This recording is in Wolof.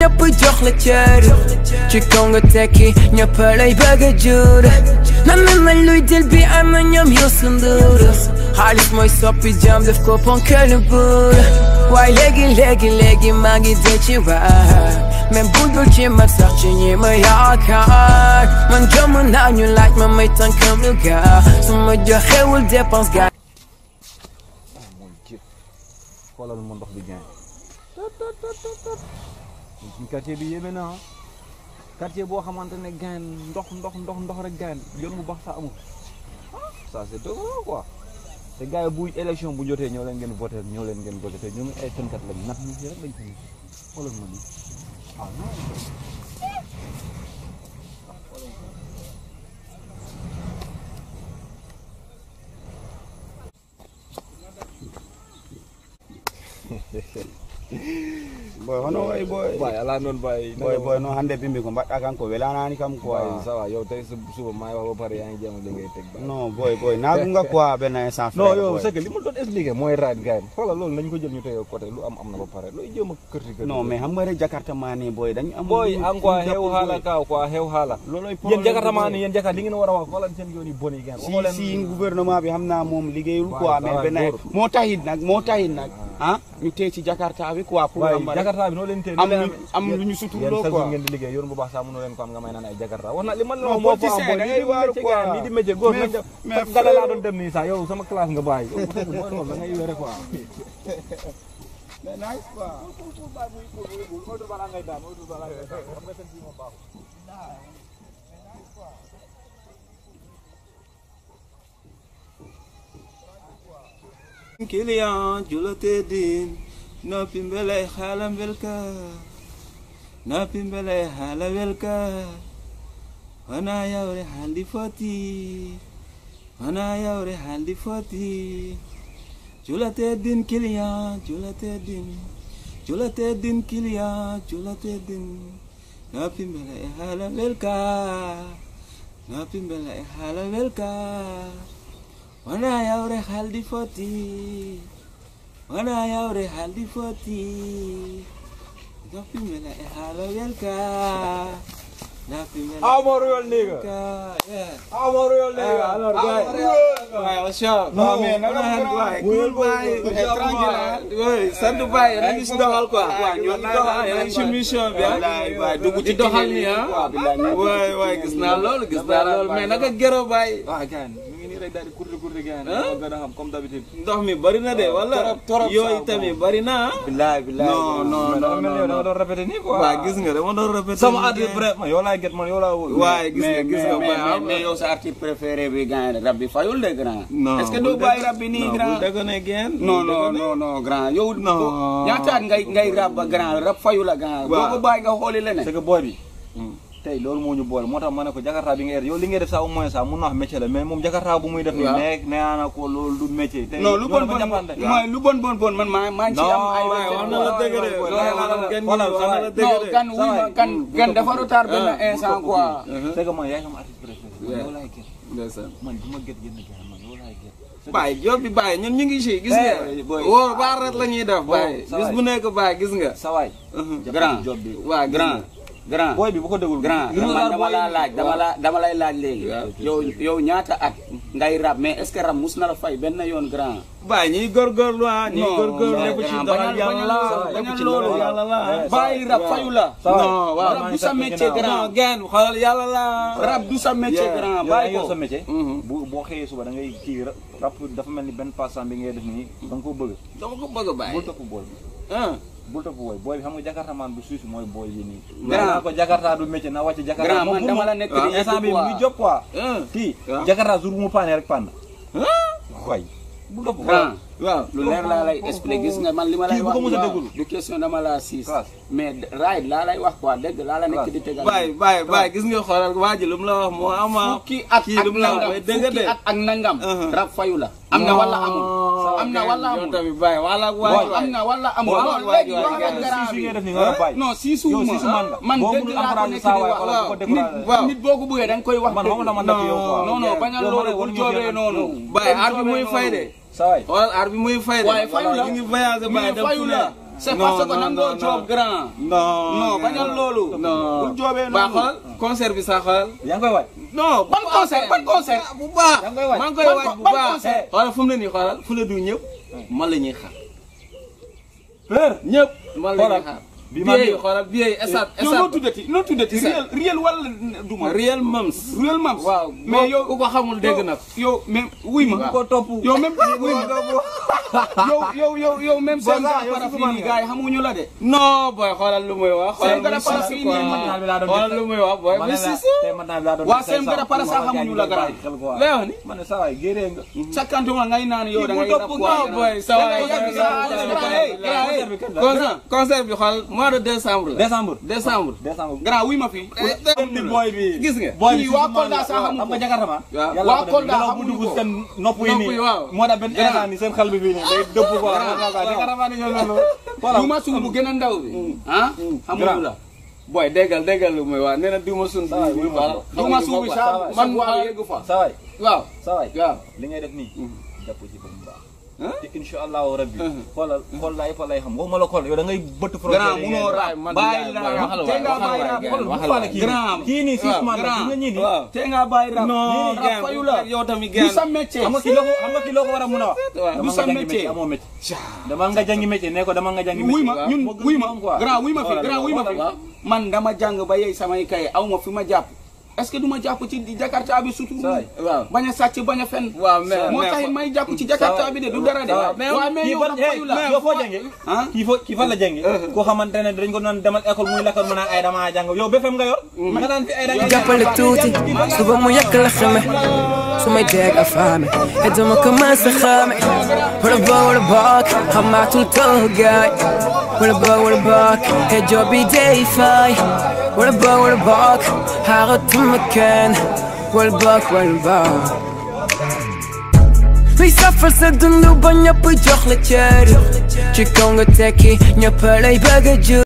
Nhấp với chọc là chờ Chỉ còn người ta khi nhập ở đây bơ gà ama nhầm Halis moj sopi jam def kopon kölü bur Vay legi legi legi magi deçi var Men bu dulce matsak çinye mı yakar Man camın anyu like ma meytan kamlu ga Suma jo hevul depans ga Kuala Lumpur dah begini. Tut tut tut tut tut. suñ bi yéeme na quartier boo xamante ne gain ndox ndox ndox ndox rek gain yoon bu bax sa amul ah ça c'est dëgg te gars bu élection bu jotee ñoo leen ngeen voté ñoo leen ngeen voté te ñoom ay fenkat lañ nat ñu si rek lañ fi xoolal ma nii ah, boy hono way boy boy ala noon boy boy boy no hannde bimbi ko mbaɗɗa kan ko welanani ah, kam quoi sawa yo tawi suba mayo wo pare yani jama ɗe ngay boy boy nagunga quoi ɓena instant am na ba pare loy jëma kërti kër jakarta mani boy am boy an haala kaw jakarta mani a wax si si gouvernement bi xam naa moom liggéeyul quoi mais ɓena moo taxit nag moo taxit nag ah ñu tey ci jakarta bi quoi. pour am jakarta bi noo leen tey am lu am lu ñu suturloo quoi ngeen di liggéey yoon bu baax sax mënoo leen ko dem nii sax yow sama classe nga bàyyi yow mooy loolu da ngay wéré quoi mais nice quoi mo do bala keliya julateedin napimbelay halambelka napimbelay halawelka wanayawre halifoti wanayawre halifoti julateedin keliya julateedin julateedin keliya julateedin napimbelay halawelka napimbelay halawelka Wana yaure haldi foti. Wana yaure haldi foti. Dapimela e halo yelka. Amor real nigga. Yeah. Amor real nigga. Amor real. What's up? No man, I'm not like. Cool boy. Tranquila. Santu boy, yéen a ngi si doxal quoi. Waaw ñu ngi doxal yéen a ngi si mission bi. Waay dugg ci doxal ni ah. Waay waay gis naa loolu gis naa loolu mais naka gero bay. Waaw gan. rek daal di kurte kurte gars yi gën a xam comme d'habitude ndox mi bëri na de wala torop yooyu tamit bëri na bilaay bilaay non non non non dama doon répété nii quoi waaw gis nga dama doon répété sama artiste vraiment yow laa get man yow laa wóor waaye gis nga gis nga mais yow sa artiste préféré bi gars yi rab bi fayul de grand non est-ce que doo bàyyi rab bi nii grand dëgg na geen non non non non grand yow ñaataat ngay ngay rab ba grand rab fayul la grand boo ko bàyyi nga xooli leneen c'est que boy bi tey loolu moo ñu boole moo tax ma ne ko jakarta bi nga def yow li ngay def ça au moins ça mun na wax la mais moom jakarta bu muy def nii nee na ko loolu du lu bon bon mooy lu bon bon bon man maa maa ngi ci am ay wax na la dëgg de wala wala la dëgg ma kan kan dafa retard benn ah, instant quoi uh-huh. c'est que man yaay sama artiste préféré yow laay gën ndeysaan man du ma gët génn gën man yow laay gën baay job baay ñun ñu ngi si gis nga eh, wóor baarat la ñuy def baay gis bu nekk baay gis nga sawaay uh-huh. grand job waa grand grand booy bi bu ko déglu grand dama laa laaj dama laa dama lay laaj léegi. yow yow ñaata ak ngay rab mais est-ce mus na la fay benn yoon grand. baay ñiy góorgóorlu ah. ñiy góorgóorlu lépp ci dara yàlla la ci loolu yàlla la. bàyyi rab fayu la. non waaw rab du sa métier grand. non geen yàlla la. rab du sa métier grand bàyyi ko sa métier. Mhm. bu boo xëyee suba da ngay kii rab dafa mel ni benn passant bi ngay def nii da nga ko bëgg. da nga ko bëgg bàyyi bul topp bool bi. Ah. bulto boy boy bi xam nga jakarta man du suus mooy boy yi nii naa ko jakarta du métier na wàcce jakarta moom dama la nekk di ah, instant bi mu job quoi ah, kii jakarta jour mu paane rek pann ah. way bulto boy waaw lu leer laa lay expliqué gis nga man li ma lay wax du question dama laa siis mais raay laa lay wax quoi dëgg laa la nekk di tegal bàyyi bàyyi bàyyi gis nga xoolal waa ji lu mu la wax moo ama kii ak ak nangam uh-huh. rab fayu la am na wala amul Oh, am na wala amul wala waay am na wala amul léegi loo xam garab bi non siisu ma man dëgg laa ko nekk di wax nit nit boo ko bëggee da nga koy wax non non bañal loolu bu joobee noonu baay aar bi muy fay de sawaay xoolal aar bi muy fay de waaye fayu la ngi voyage baay dem fu ne c'est parce que nangoo joob grand. non non bañal loolu. non bu joobee noonu xoolal concert bi sax xoolal. yaa ngi koy waaj. non ban concert bu baax maa ngi koy waaj bu baax. Eh, xoolal fu mu ne nii xoolal fu du eh. ñëpp. man la ñuy xaar. ñëpp man la ñuy xaar. bi ma vieille xoolal vieille eh, esat esat noo tuddati noo tuddati réel réel wala duma réel mams réel mams waaw mais yow ku ko xamul dégg na ko yow même wuy ma ko topp yow même wuy ma yow yow yow yow même seen parafin yi gars yi xamuñu la de non booy xoolal lu muy wax seen gara parafin yi xoolal lu muy wax booy bi si si waa seen gara parasa xamuñu la gara leew ni man sa waay géré nga a ngay naan yow da ngay topp booy sa waay concert bi xoolal mois de décembre la. décembre décembre. décembre grand wuy ma fi. Eh, booy bi gis nga. booy bi waa Kolda sax xamu ko xam nga jakarta ma. waa Kolda xamuñu ko seen nopp bi fii ni duuma suuf gën a ndaw bi. Mm. ah mm. xamuñu la. boy déggal déggal lu muy waa nee na duuma suuf bi. duuma suuf bi saa man waa yeggu fa. saa waay waaw saa waay li ngay def nii mm. jàpp ci ba insha allahu oh rabbi xoolal xool laay fa lay xam waxuma la xool yow da ngay bëtt frontière grand munoo raay man bàyyi raam te nga bàyyi raam xool bu faale kii kii nii six man la nga ñii nii te nga bàyyi raam ñii nii fayu la yow tamit gën sa xam nga ki xam nga ki sa dama nga ko dama nga ñun grand fi grand fi man dama jàng ba yey sama kay aw fi ma ce que du ma jàpp ci jakarta bi surtout bañ a sàcc fen moo may jàpp ci jakarta bi de du dara de waaw mais yow fayu la yow fo ah? kii fan la jànge eh, eh. koo xamante dañ ko doon demal école muy lakkal mu ay damaa jàng yow befem nga yor mm. nga daan fi ay damaa jàppale tuuti suba mu yàkk la xame su may deeg a faame et dama commencé xame wala boo wala boog xamaatul toog gaay What a buck, what a buck, hey be day fly. What a buck, what a buck, how to make it. What a buck, what a buck. We suffer, said the new bunny, put your letter. Chicken, a techie, your pearl, a bag of juice.